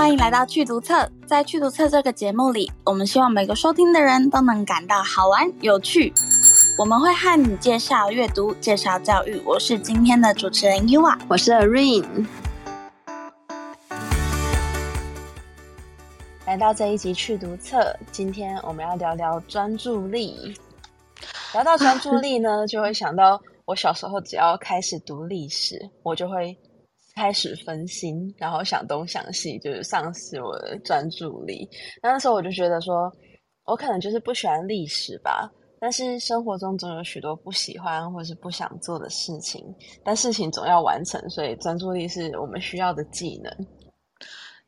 歡迎來到趣讀冊，在趣讀冊這個節目裡，我們希望每個收聽的人都能感到好玩有趣。我們會和你介紹閱讀，介紹教育。我是今天的主持人 Uva，我是 Ariane。來到這一集趣讀冊，今天我們要聊聊專注力。聊到專注力呢， 就會想到我小時候只要開始讀歷史，我就會。開始分心，然後想東想西，就是喪失我的專注力。那時候我就覺得說，我可能就是不喜歡歷史吧。但是生活中總有許多不喜歡或是不想做的事情，但事情總要完成，所以專注力是我們需要的技能。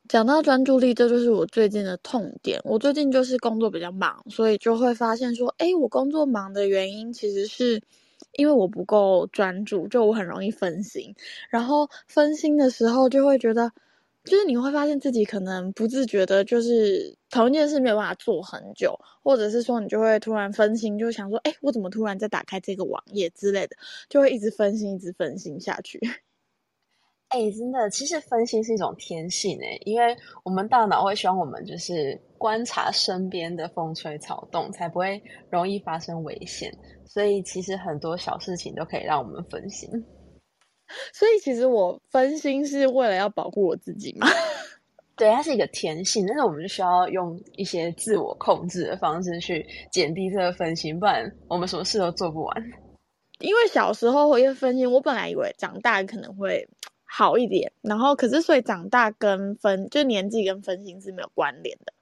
講到專注力，這就是我最近的痛點。我最近就是工作比較忙，所以就會發現說，誒，我工作忙的原因其實是。因為我不夠專注，就我很容易分心，然後分心的時候就會覺得，就是你會發現自己可能不自覺的，就是同一件事沒有辦法做很久，或者是說你就會突然分心，就想說，哎，我怎麼突然在打開這個網頁之類的，就會一直分心，一直分心下去。哎、欸，真的，其實分心是一種天性欸，因為我們大腦會希望我們就是觀察身邊的風吹草動，才不會容易發生危險。所以其實很多小事情都可以讓我們分心。所以其實我分心是為了要保護我自己嗎？對，它是一個天性，但是我們就需要用一些自我控制的方式去減低這個分心，不然我們什麼事都做不完。因為小時候會因為分心，我本來以為長大可能會。好一點，然後可是所以長大跟分就年紀跟分心是沒有關聯的？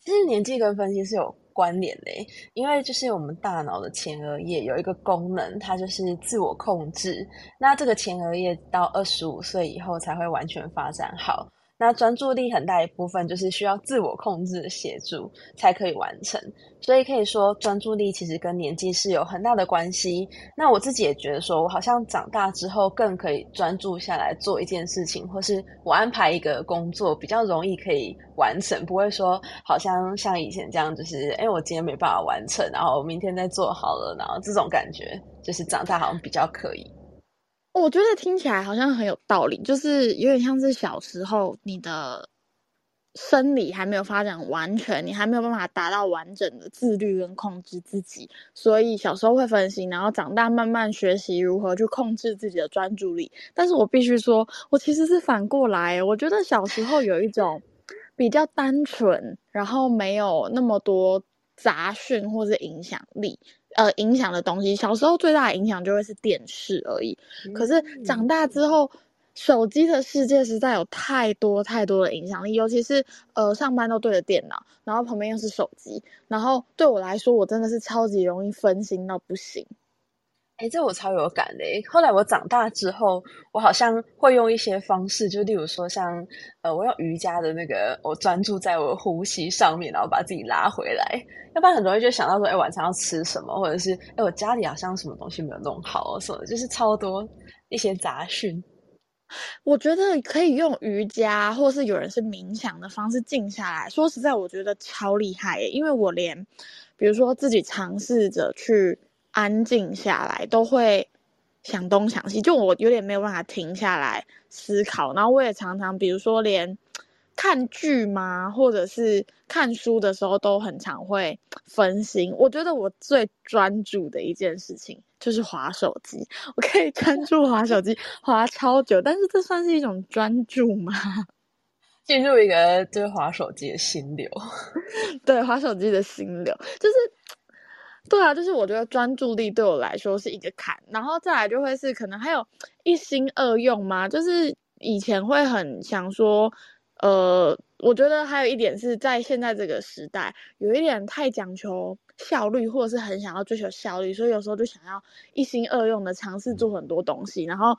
其實年紀跟分心是有關聯的，因為就是我們大腦的前額葉有一個功能，它就是自我控制，那這個前額葉到二十五歲以後才會完全發展好。那專注力很大一部分就是需要自我控制的協助才可以完成，所以可以說專注力其實跟年紀是有很大的關係。那我自己也覺得說，我好像長大之後更可以專注下來做一件事情，或是我安排一個工作比較容易可以完成，不會說好像像以前這樣，就是誒、欸、我今天沒辦法完成，然後我明天再做好了，然後這種感覺就是長大好像比較可以。 我覺得聽起來好像很有道理，就是有點像是小時候你的生理還沒有發展完全，你還沒有辦法達到完整的自律跟控制自己，所以小時候會分心，然後長大慢慢學習如何去控制自己的專注力。但是我必須說，我其實是反過來，我覺得小時候有一種比較單純，然後沒有那麼多雜訊或是影響力。呃，影響的東西，小時候最大的影響就會是電視而已。可是長大之後，手機的世界實在有太多太多的影響力，尤其是呃，上班都對着電腦，然後旁邊又是手機，然後對我來說，我真的是超級容易分心到不行。欸，這我超有感的。後來我長大之後，我好像會用一些方式，就例如說像，呃，我用瑜伽的那個，我專注在我呼吸上面，然後把自己拉回來。要不然很容易就想到說，欸，晚上要吃什麼，或者是，欸，我家裡好像什麼東西沒有弄好什麼，就是超多一些雜訊。我覺得可以用瑜伽，或是有人是冥想的方式靜下來。說實在，我覺得超厲害耶，因為我連，比如說自己嘗試着去。安靜下來都會想東想西，就我有點沒有辦法停下來思考。然後我也常常，比如說連看劇嘛，或者是看書的時候，都很常會分心。我覺得我最專注的一件事情就是滑手機，我可以專注滑手機滑超久， 但是這算是一種專注嗎？進入一個對滑手機的心流， 對，滑手機的心流就是。對啊，就是我覺得專注力對我來說是一個坎，然後再來就會是可能還有一心二用嘛，就是以前會很想說，呃，我覺得還有一點是在現在這個時代，有一點太講求效率，或者是很想要追求效率，所以有時候就想要一心二用的嘗試做很多東西，然後。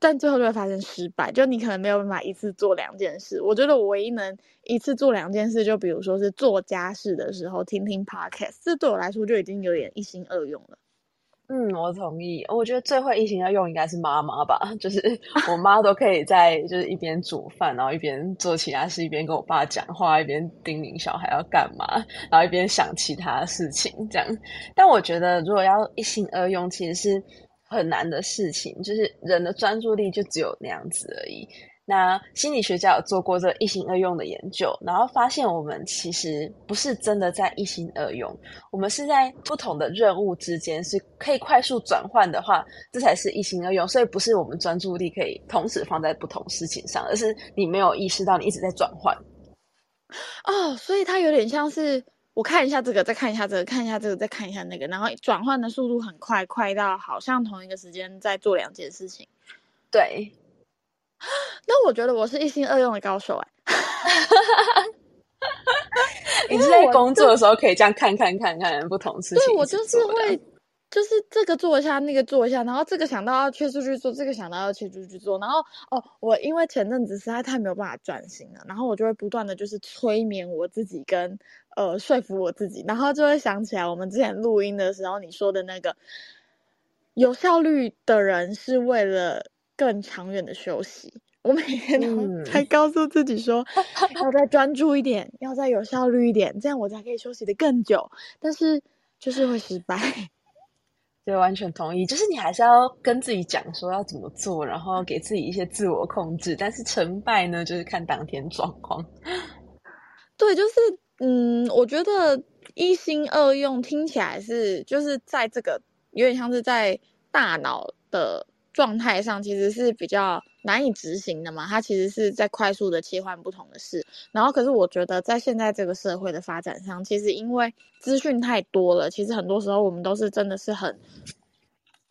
但最後就會發生失敗，就你可能沒有辦法一次做兩件事。我覺得我唯一能一次做兩件事，就比如說是做家事的時候聽聽 podcast，這對我來說就已經有點一心二用了。嗯，我同意。我覺得最會一心二用應該是媽媽吧，就是我媽都可以在 就是一邊煮飯，然後一邊做其他事，一邊跟我爸講話，一邊叮嚀小孩要幹嘛，然後一邊想其他事情這樣。但我覺得如果要一心二用，其實是。很難的事情，就是人的專注力就只有那樣子而已。那心理學家有做過這一心二用的研究，然後發現我們其實不是真的在一心二用，我們是在不同的任務之間是可以快速轉換的話，這才是一心二用。所以不是我們專注力可以同時放在不同事情上，而是你沒有意識到你一直在轉換。哦，所以它有點像是。我看一下這個，再看一下這個，看一下這個，再看一下那個，然後轉換的速度很快，快到好像同一個時間在做兩件事情。對，那我覺得我是一心二用的高手哎、欸。 你在工作的時候可以這樣看看看看不同事情對。的對，我就是會，就是這個做一下，那個做一下，然後這個想到要切出去做，這個想到要切出去做，然後哦，我因為前陣子實在太沒有辦法轉型了，然後我就會不斷的就是催眠我自己跟。呃，說服我自己，然後就會想起來我們之前錄音的時候你說的那個，有效率的人是為了更長遠的休息。我每天都還告訴自己說，嗯、要再專注一點， 要再有效率一點，這樣我才可以休息的更久。但是就是會失敗。就完全同意。就是你還是要跟自己講說要怎麼做，然後給自己一些自我控制。但是成敗呢，就是看當天狀況。 對，就是。嗯，我覺得一心二用聽起來是，就是在這個有點像是在大腦的狀態上，其實是比較難以執行的嘛。它其實是在快速的切換不同的事，然後可是我覺得在現在這個社會的發展上，其實因為資訊太多了，其實很多時候我們都是真的是很。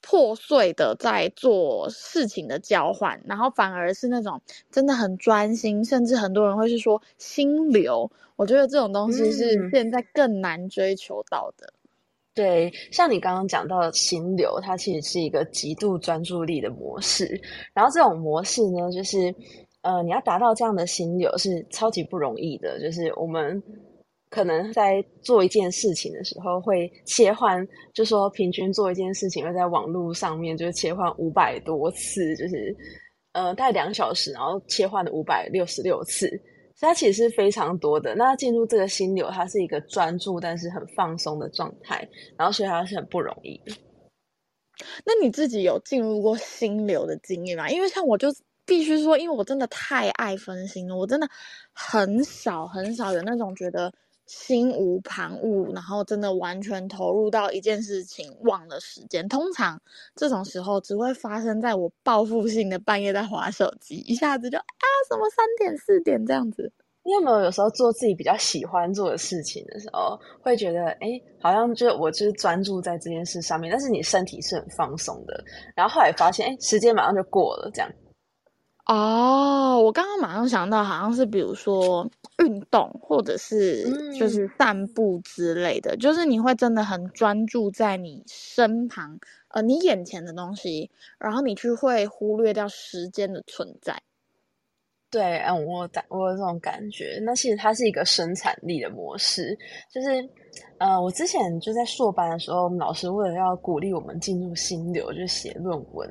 破碎的在做事情的交換，然後反而是那種真的很專心，甚至很多人會是說心流。我覺得這種東西是現在更難追求到的。嗯、對，像你剛剛講到的心流，它其實是一個極度專注力的模式。然後這種模式呢，就是呃，你要達到這樣的心流是超級不容易的，就是我們。可能在做一件事情的時候會切換，就是說平均做一件事情會在網絡上面，就是切換五百多次，就是呃大概兩小時，然後切換了五百六十六次，所以它其實非常多的。那進入這個心流，它是一個專注但是很放鬆的狀態，然後所以它是很不容易的。那你自己有進入過心流的經驗嗎？因為像我就必須說，因為我真的太愛分心了，我真的很少很少有那種覺得。心無旁騖，然後真的完全投入到一件事情，忘了時間。通常這種時候只會發生在我報復性的半夜在滑手機，一下子就啊什麼三點四點這樣子。你有沒有有時候做自己比較喜歡做的事情的時候，會覺得哎，好像就我就是專注在這件事上面，但是你身體是很放鬆的。然後後來發現，哎，時間馬上就過了這樣。哦，我剛剛馬上想到，好像是比如說。運動，或者是就是散步之類的，嗯、就是你會真的很專注在你身旁，呃，你眼前的東西，然後你去會忽略掉時間的存在。對，嗯，我感我有這種感覺。那其實它是一個生產力的模式，就是。呃，我之前就在碩班的時候，我們老師為了要鼓勵我們進入心流，就寫論文，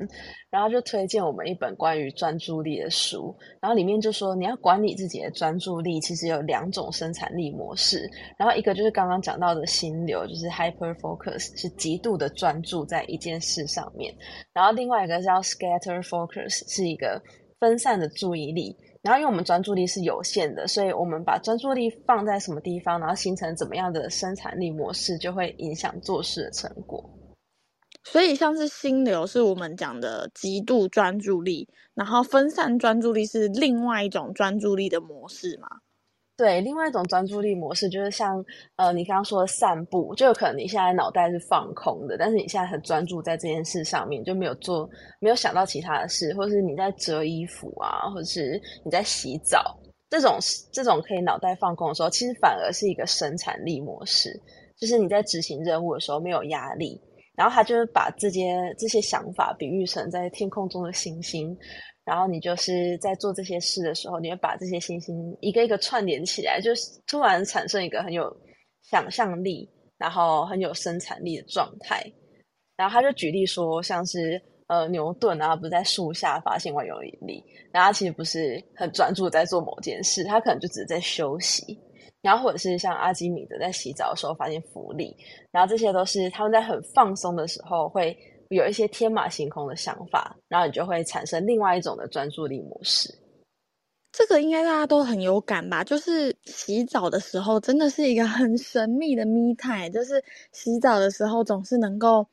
然後就推薦我們一本關於專注力的書，然後裡面就說你要管理自己的專注力，其實有兩種生產力模式，然後一個就是剛剛講到的心流，就是 hyper focus，是極度的專注在一件事上面，然後另外一個叫 scatter focus，是一個分散的注意力。然後，因為我們專注力是有限的，所以我們把專注力放在什麼地方，然後形成怎麼樣的生產力模式，就會影響做事的成果。所以，像是心流是我們講的極度專注力，然後分散專注力是另外一種專注力的模式嘛？對，另外一種專注力模式就是像，呃，你剛剛說的散步，就有可能你現在腦袋是放空的，但是你現在很專注在這件事上面，就沒有做，沒有想到其他的事，或是你在折衣服啊，或是你在洗澡，這種這種可以腦袋放空的時候，其實反而是一個生產力模式，就是你在執行任務的時候沒有壓力，然後他就是把這些這些想法比喻成在天空中的星星。然後你就是在做這些事的時候，你會把這些星星一個一個串聯起來，就是突然產生一個很有想象力，然後很有生產力的狀態。然後他就舉例說，像是呃牛頓，然後不是在樹下發現萬有引力，然後他其實不是很專注在做某件事，他可能就只是在休息。然後或者是像阿基米德在洗澡的時候發現浮力，然後這些都是他們在很放鬆的時候會。有一些天馬行空的想法，然後你就會產生另外一種的專注力模式。這個應該大家都很有感吧？就是洗澡的時候真的是一個很神秘的 me time，就是洗澡的時候總是能夠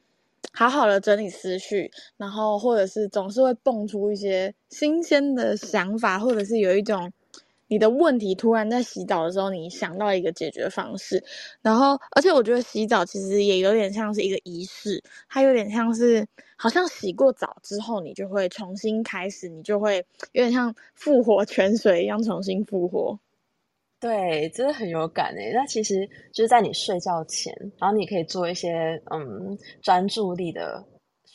好好的整理思緒，然後或者是總是會蹦出一些新鮮的想法，或者是有一種。你的問題，突然在洗澡的時候，你想到一個解決方式，然後，而且我覺得洗澡其實也有點像是一個儀式，它有點像是好像洗過澡之後，你就會重新開始，你就會有點像復活泉水一樣重新復活。對，真的很有感誒、欸。那其實就是在你睡覺前，然後你可以做一些嗯專注力的。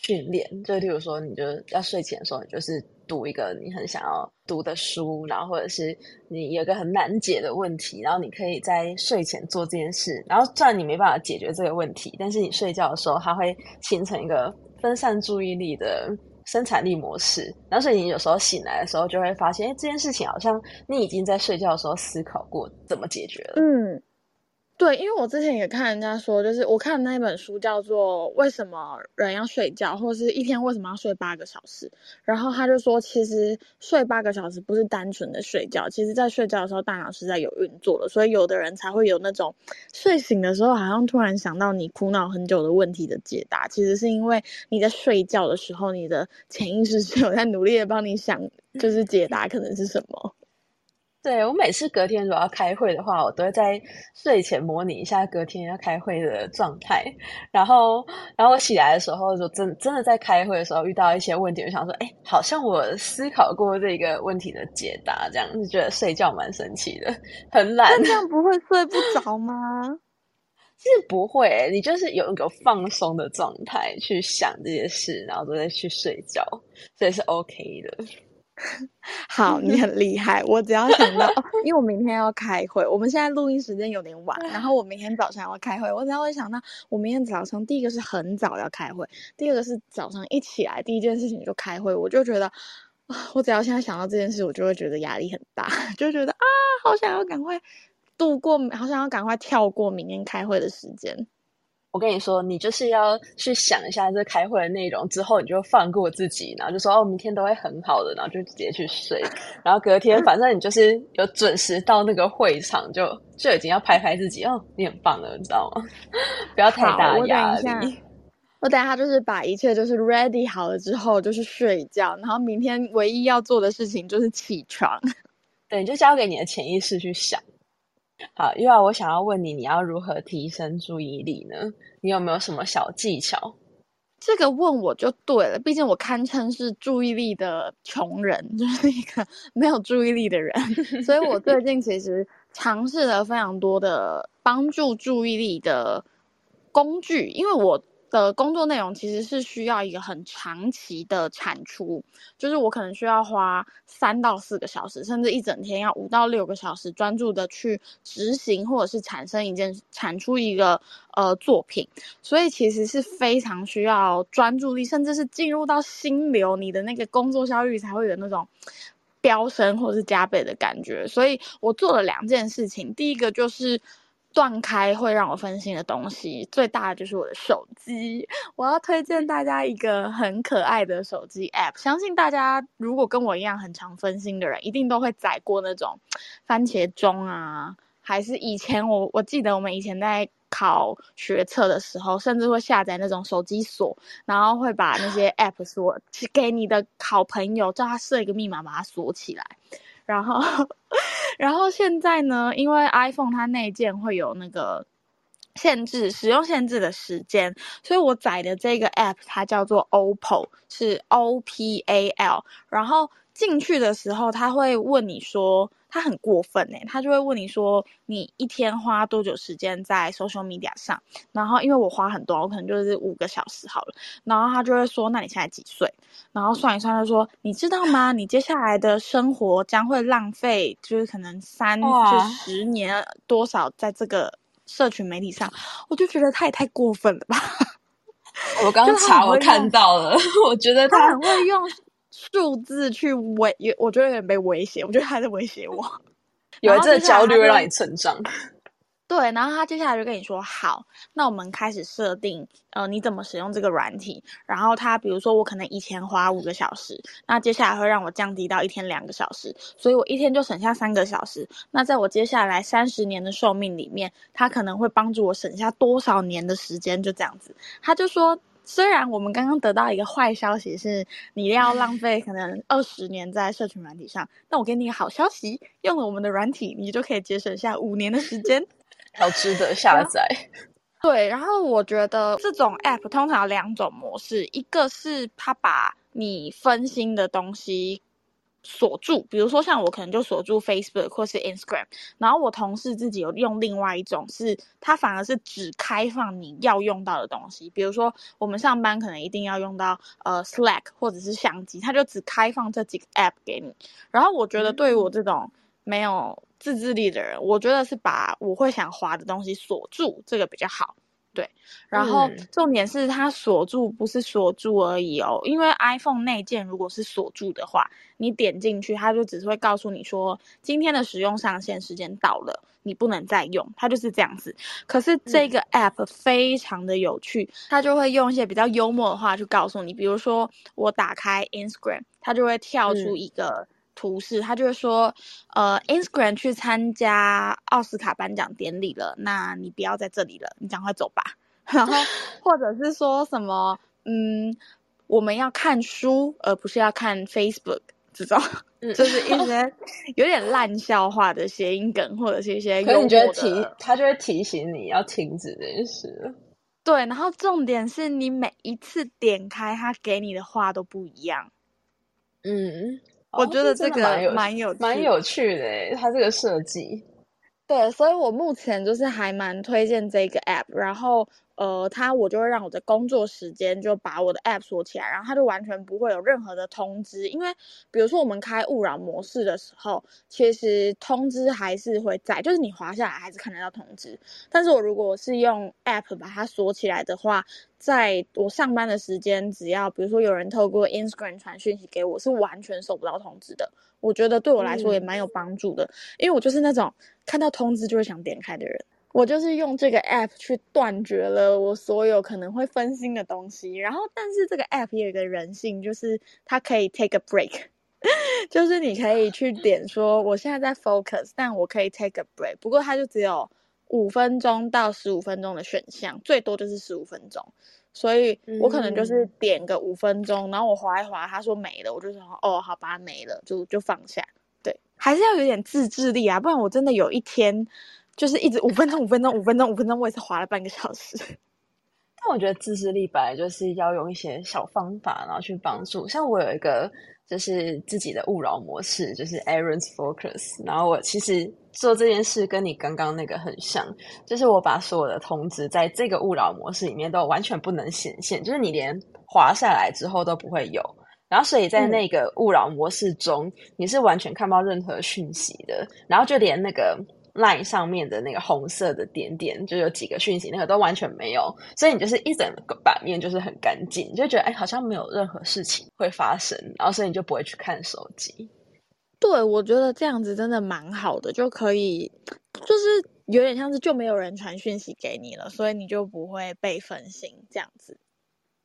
訓練，就比如說，你就要睡前的時候，你就是讀一個你很想要讀的書，然後或者是你有個很難解的問題，然後你可以在睡前做這件事。然後雖然你沒辦法解決這個問題，但是你睡覺的時候，它會形成一個分散注意力的生產力模式。然後所以你有時候醒來的時候，就會發現，哎，這件事情好像你已經在睡覺的時候思考過怎麼解決了。嗯。對，因為我之前也看人家說，就是我看那本書叫做《為什麼人要睡覺》或者是一天為什麼要睡八個小時，然後他就說，其實睡八個小時不是單純的睡覺，其實在睡覺的時候大腦是在有運作的，所以有的人才會有那種睡醒的時候好像突然想到你苦惱很久的問題的解答，其實是因為你在睡覺的時候，你的潛意識是有在努力的幫你想，就是解答可能是什麼。 對，我每次隔天如果要開會的話，我都會在睡前模擬一下隔天要開會的狀態，然後然後我起來的時候就真真的在開會的時候遇到一些問題，就想說，誒、欸、好像我思考過這一個問題的解答，這樣子覺得睡覺蠻神奇的，很懶。那這樣不會睡不着嗎？是 不會、欸，你就是有一個放鬆的狀態去想這些事，然後都在去睡覺，所以是 OK 的。 好，你很厲害。 我只要想到、哦，因為我明天要開會，我們現在錄音時間有點晚，然後我明天早上要開會。我只要會想到，我明天早上第一個是很早要開會，第二個是早上一起來第一件事情就開會，我就覺得、哦、我只要現在想到這件事，我就會覺得壓力很大，就覺得啊，好想要趕快度過，好想要趕快跳過明天開會的時間。我跟你說，你就是要去想一下這開會的內容，之後你就放過自己，然後就說哦，明天都會很好的，然後就直接去睡。然後隔天，反正你就是有準時到那個會場就，就就已經要拍拍自己哦，你很棒的，你知道嗎？不要太大壓力。我等一下，我等一下就是把一切就是 ready 好了之後就是睡覺，然後明天唯一要做的事情就是起床。對，就交給你的潛意識去想。好，另外我想要問你，你要如何提升注意力呢？你有沒有什麼小技巧？這個問我就對了，畢竟我堪稱是注意力的窮人，就是一個沒有注意力的人，所以我最近其實嘗試了非常多的幫助注意力的工具，因為我的工作內容其實是需要一個很長期的產出，就是我可能需要花三到四個小時，甚至一整天，要五到六個小時專注的去執行，或者是產生一件產出一個呃作品，所以其實是非常需要專注力，甚至是進入到心流，你的那個工作效率才會有那種飆升或是加倍的感覺。所以我做了兩件事情，第一個就是。斷開會讓我分心的東西，最大的就是我的手機。我要推薦大家一個很可愛的手機 App，相信大家如果跟我一樣很常分心的人，一定都會載過那種番茄鐘啊，還是以前我我記得我們以前在考學測的時候，甚至會下載那種手機鎖，然後會把那些 App 鎖給你的好朋友，叫他設一個密碼把它鎖起來。然後，然後現在呢？因為 iPhone 它內建會有那個限制，使用限制的時間，所以我載的這個 app 它叫做 Opal，是 O P A L。然後進去的時候，它會問你說。他很過分哎、欸，他就會問你說，你一天花多久時間在 social media 上？然後因為我花很多，我可能就是五個小時好了，然後他就會說，那你現在幾歲？然後算一算，他說，你知道嗎？你接下來的生活將會浪費，就是可能三哇就十年多少在這個社群媒體上，我就覺得他也太過分了吧。我剛查我看到了，我覺得他很會用。 數字去威，我覺得有點被威脅。我覺得他在威脅我，有這個焦慮會讓你成長。 對，然後他接下來就跟你說：“好，那我們開始設定，呃，你怎麼使用這個軟體？然後他比如說，我可能以前花五個小時，那接下來會讓我降低到一天兩個小時，所以我一天就省下三個小時。那在我接下來三十年的壽命裡面，他可能會幫助我省下多少年的時間？就這樣子，他就說。”雖然我們剛剛得到一個壞消息，是你要浪費可能二十年在社群軟體上，那 我給你一個好消息，用了我們的軟體，你就可以節省下五年的時間，好值得下載。 對，然後我覺得 這種 App 通常有兩種模式，一個是它把你分心的東西。鎖住，比如說像我可能就鎖住 Facebook 或是 Instagram，然後我同事自己有用另外一種是，是他反而是只開放你要用到的東西，比如說我們上班可能一定要用到呃 Slack 或者是相機，他就只開放這幾個 App 給你。然後我覺得對於我這種沒有自制力的人，我覺得是把我會想滑的東西鎖住，這個比較好。對，然後重點是它鎖住不是鎖住而已哦，因為 iPhone 內建如果是鎖住的話，你點進去它就只是會告訴你說今天的使用上限時間到了，你不能再用，它就是這樣子。可是這個 app 非常的有趣，它就會用一些比較幽默的話去告訴你，比如說我打開 Instagram，它就會跳出一個。圖示，他就會說：“呃，Instagram 去參加奧斯卡頒獎典禮了，那你不要在這裡了，你趕快走吧。 ”然後，或者是說什麼：“嗯，我們要看書，而不是要看 Facebook 這種。嗯”就是一些有點爛笑話的諧音梗，或者些些是一些。可是你覺得提他就會提醒你要停止這件事？對，然後重點是你每一次點開他給你的話都不一樣。嗯。我覺得這個蠻，哦，這蠻有蠻有趣的欸，它這個設計，對，所以我目前就是還蠻推薦這個 app，然後。呃，它我就會讓我的工作時間就把我的 app 鎖起來，然後它就完全不會有任何的通知。因為比如說我們開勿擾模式的時候，其實通知還是會在，就是你滑下來還是看得到通知。但是我如果是用 app 把它鎖起來的話，在我上班的時間，只要比如說有人透過 Instagram 傳訊息給我，是完全收不到通知的。我覺得對我來說也蠻有幫助的，嗯、因為我就是那種看到通知就會想點開的人。我就是用這個 app 去斷絕了我所有可能會分心的東西，然後，但是這個 app 也有一個人性，就是它可以 take a break， 就是你可以去點說我現在在 focus，但我可以 take a break，不過它就只有五分鐘到十五分鐘的選項，最多就是十五分鐘，所以我可能就是點個五分鐘，嗯、然後我滑一滑，它說沒了，我就說哦，好吧，沒了，就就放下。對，還是要有點自制力啊，不然我真的有一天。就是一直五分鐘五分鐘五分鐘五分鐘，我也是滑了半個小時。但我覺得自制力本來就是要用一些小方法，然後去幫助。像我有一個就是自己的勿擾模式，就是 Aaron's Focus。然後我其實做這件事跟你剛剛那個很像，就是我把所有的通知在這個勿擾模式裡面都完全不能顯現，就是你連滑下來之後都不會有。然後所以在那個勿擾模式中，嗯、你是完全看不到任何訊息的。然後就連那個。line 上面的那個紅色的點點就有幾個訊息，那個都完全沒有，所以你就是一整個版面就是很乾淨，你就覺得哎，好像沒有任何事情會發生，然後所以你就不會去看手機。對，我覺得這樣子真的蠻好的，就可以，就是有點像是就沒有人傳訊息給你了，所以你就不會被分心，這樣子。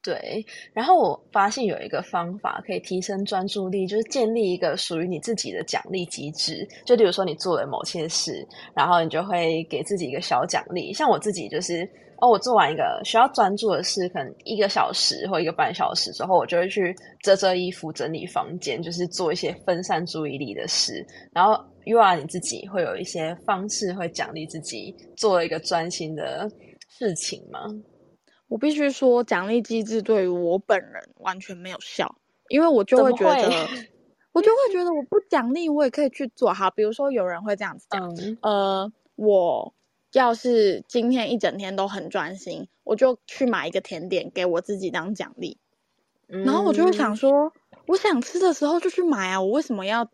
對，然後我發現有一個方法可以提升專注力，就是建立一個屬於你自己的獎勵機制。就比如說你做了某些事，然後你就會給自己一個小獎勵。像我自己就是，哦，我做完一個需要專注的事，可能一個小時或一個半小時之後，我就會去折折衣服、整理房間，就是做一些分散注意力的事。然後又讓你自己會有一些方式會獎勵自己做一個專心的事情嗎？我必須說，獎勵機制對於我本人完全沒有效，因為我就會覺得，我就會覺得我不獎勵我也可以去做好。比如說有人會這樣子講，嗯、呃，我要是今天一整天都很專心，我就去買一個甜點給我自己當獎勵，嗯、然後我就會想說，我想吃的時候就去買啊，我為什麼要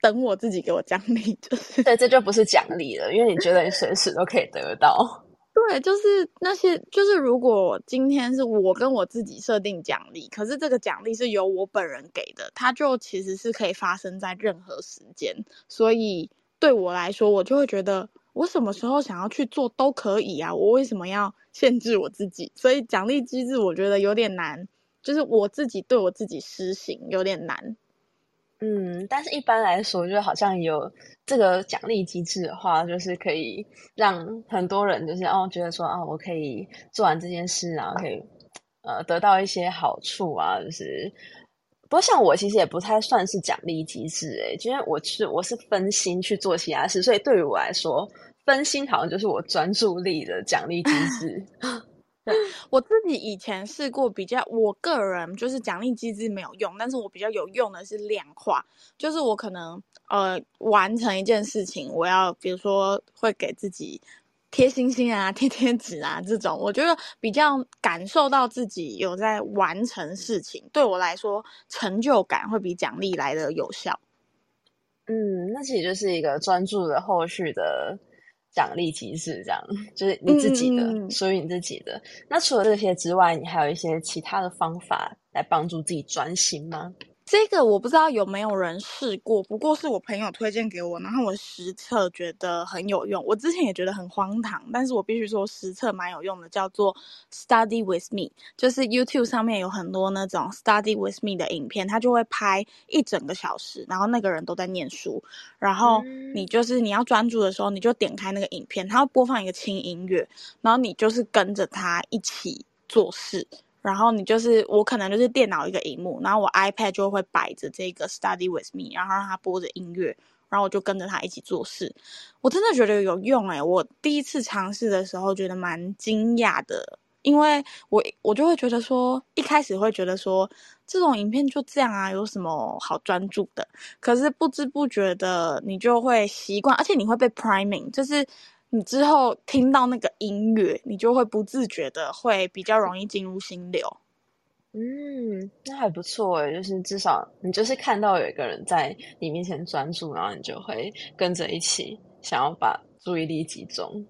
等我自己給我獎勵？就是、對，這就不是獎勵了， 因為你覺得你隨時都可以得到。對，就是那些，就是如果今天是我跟我自己設定獎勵，可是這個獎勵是由我本人給的，它就其實是可以發生在任何時間。所以對我來說，我就會覺得我什麼時候想要去做都可以啊，我為什麼要限制我自己？所以獎勵機制我覺得有點難，就是我自己對我自己施行有點難。嗯，但是一般來說，就好像有這個獎勵機制的話，就是可以讓很多人就是哦，覺得說啊，我可以做完這件事，然後可以呃得到一些好處啊。就是不過像我其實也不太算是獎勵機制誒、欸，因為我是我是分心去做其他事，所以對於我來說，分心好像就是我專注力的獎勵機制。 我自己以前試過比較，我個人就是獎勵機制沒有用，但是我比較有用的是量化，就是我可能呃完成一件事情，我要比如說會給自己貼星星啊、貼貼紙啊這種，我覺得比較感受到自己有在完成事情，對我來說成就感會比獎勵來的有效。嗯，那其實就是一個專注的後續的。獎勵機制這樣，就是你自己的，屬於、嗯、你自己的。那除了這些之外，你還有一些其他的方法來幫助自己專心嗎？這個我不知道有沒有人試過，不過是我朋友推薦給我，然後我實測覺得很有用。我之前也覺得很荒唐，但是我必須說實測蠻有用的，叫做 Study with me，就是 YouTube 上面有很多那種 Study with me 的影片，他就會拍一整個小時，然後那個人都在念書，然後你就是你要專注的時候，你就點開那個影片，他會播放一個輕音樂，然後你就是跟着他一起做事。然後你就是我，可能就是電腦一個螢幕，然後我 iPad 就會擺着這個 Study with me，然後讓它播着音樂，然後我就跟着它一起做事。我真的覺得有用哎、欸！我第一次嘗試的時候覺得蠻驚訝的，因為我我就會覺得說，一開始會覺得說這種影片就這樣啊，有什麼好專注的？可是不知不覺的你就會習慣，而且你會被 priming，就是。你之後聽到那個音樂，你就會不自覺的會比較容易進入心流。嗯，那還不錯欸，就是至少你就是看到有一個人在你面前專注，然後你就會跟着一起想要把注意力集中。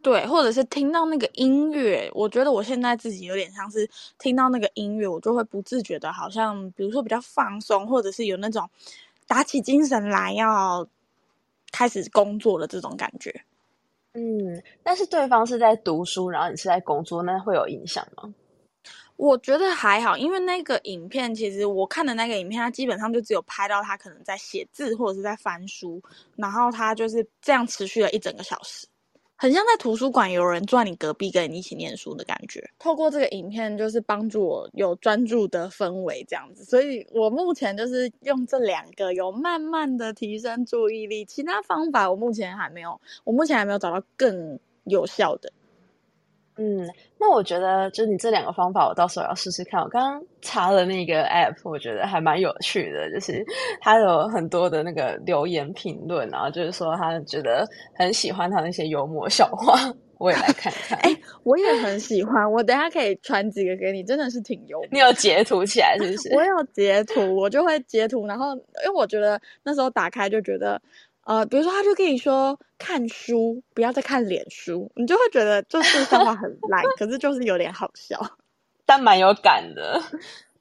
對，或者是聽到那個音樂，我覺得我現在自己有點像是聽到那個音樂，我就會不自覺的，好像比如說比較放鬆，或者是有那種打起精神來要開始工作的這種感覺。嗯，但是對方是在讀書，然後你是在工作，那會有影響嗎？我覺得還好，因為那個影片其實我看的那個影片，他基本上就只有拍到他可能在寫字或者是在翻書，然後他就是這樣持續了一整個小時。很像在圖書館，有人坐在你隔壁跟你一起念書的感覺。透過這個影片，就是幫助我有專注的氛圍這樣子，所以我目前就是用這兩個，有慢慢的提升注意力。其他方法我目前還沒有，我目前還沒有找到更有效的。嗯，那我覺得就是你這兩個方法，我到時候要試試看。我剛剛查了那個 app，我覺得還蠻有趣的，就是他有很多的那個留言評論，然後就是說他覺得很喜歡他那些幽默笑話，我也來看一看。哎、 欸，我也很喜歡， 我等下可以傳幾個給你，真的是挺幽默。你有截圖起來是不是？試試 我有截圖，我就會截圖，然後因為我覺得那時候打開就覺得。呃，比如說，他就跟你說看書，不要再看臉書，你就會覺得就是笑話很爛，可是就是有點好笑，但蠻有感的，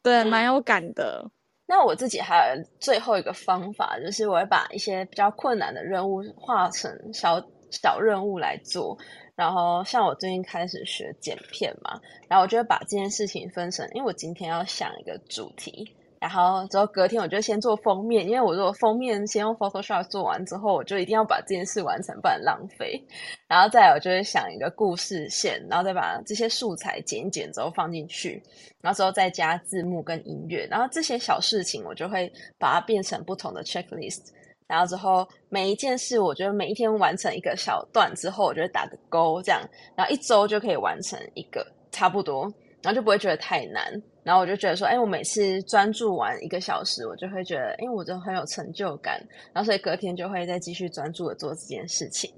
對，蠻有感的。嗯，那我自己還有最後一個方法，就是我會把一些比較困難的任務化成小小任務來做。然後，像我最近開始學剪片嘛，然後我就會把這件事情分成，因為我今天要想一個主題。然後之後隔天，我就先做封面，因為我如果封面先用 Photoshop 做完之後，我就一定要把這件事完成，不然浪費。然後再來，我就會想一個故事線，然後再把這些素材剪一剪之後放進去，然後之後再加字幕跟音樂。然後這些小事情，我就會把它變成不同的 checklist。然後之後每一件事，我覺得每一天完成一個小段之後，我就會打個勾，這樣，然後一周就可以完成一個差不多，然後就不會覺得太難。然後我就覺得說，哎，我每次專注完一個小時，我就會覺得，哎，我就很有成就感，然後所以隔天就會再繼續專注的做這件事情。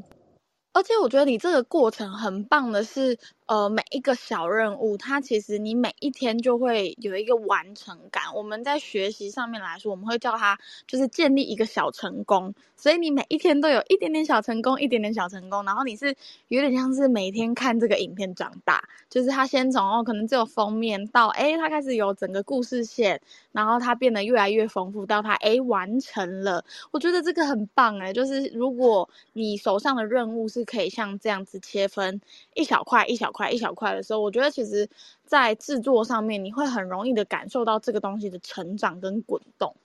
而且我覺得你這個過程很棒的是。呃，每一個小任務，它其實你每一天就會有一個完成感。我們在學習上面來說，我們會叫它就是建立一個小成功。所以你每一天都有一點點小成功，一點點小成功。然後你是有點像是每天看這個影片長大，就是他先從哦可能只有封面到哎，他開始有整個故事線，然後他變得越來越豐富，到他哎完成了。我覺得這個很棒哎、欸，就是如果你手上的任務是可以像這樣子切分一小塊一小塊塊一小塊的時候，我覺得其實在制作上面，你會很容易的感受到這個東西的成長跟滾動。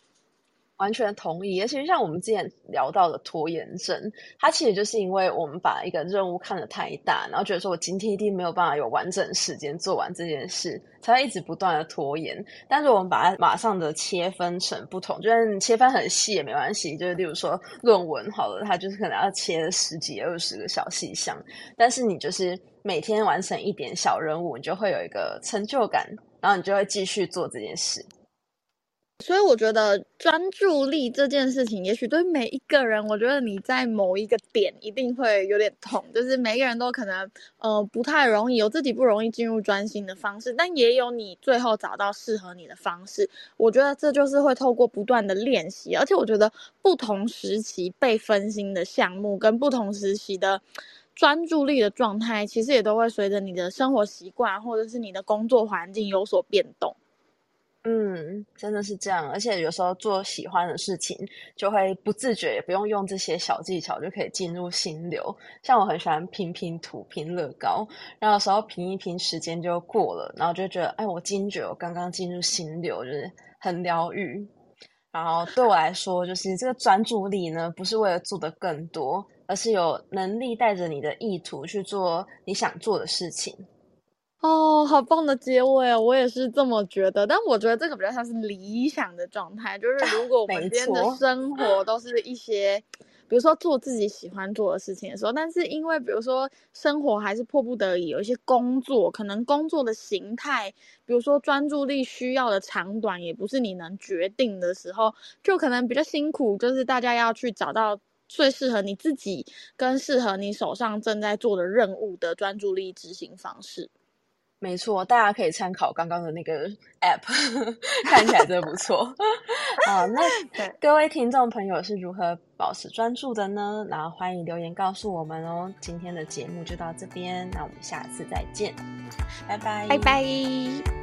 完全同意，而且像我們之前聊到的拖延症，它其實就是因為我們把一個任務看得太大，然後覺得說我今天一定沒有辦法有完整時間做完這件事，才會一直不斷的拖延。但是我們把它馬上的切分成不同，就算你切分很細也沒關係。就是例如說論文好了，它就是可能要切十幾二十個小細項，但是你就是每天完成一點小任務，你就會有一個成就感，然後你就會繼續做這件事。所以我覺得專注力這件事情，也許對每一個人，我覺得你在某一個點一定會有點痛，就是每個人都可能，呃不太容易有自己不容易進入專心的方式，但也有你最後找到適合你的方式。我覺得這就是會透過不斷的練習，而且我覺得不同時期被分心的項目跟不同時期的專注力的狀態，其實也都會隨着你的生活習慣或者是你的工作環境有所變動。嗯，真的是這樣，而且有時候做喜歡的事情，就會不自覺，也不用用這些小技巧，就可以進入心流。像我很喜歡拼拼圖、拼樂高，然後有時候拼一拼，時間就過了，然後就覺得，哎，我驚覺我剛剛進入心流，就是很療癒。然後對我來說，就是這個專注力呢，不是為了做得更多，而是有能力帶着你的意圖去做你想做的事情。哦，oh, 好棒的結尾哦，我也是這麼覺得。但我覺得這個比較像是理想的狀態，就是如果我們今天的生活都是一些，沒錯。比如說做自己喜歡做的事情的時候，但是因為比如說生活還是迫不得已有一些工作，可能工作的形態，比如說專注力需要的長短，也不是你能決定的時候，就可能比較辛苦，就是大家要去找到最適合你自己跟適合你手上正在做的任務的專注力執行方式。沒錯，大家可以參考剛剛的那個 app，呵呵，看起來真的不錯。 好，那對各位聽眾朋友是如何保持專注的呢？然後歡迎留言告訴我們哦。今天的節目就到這邊，那我們下次再見，拜拜，拜拜。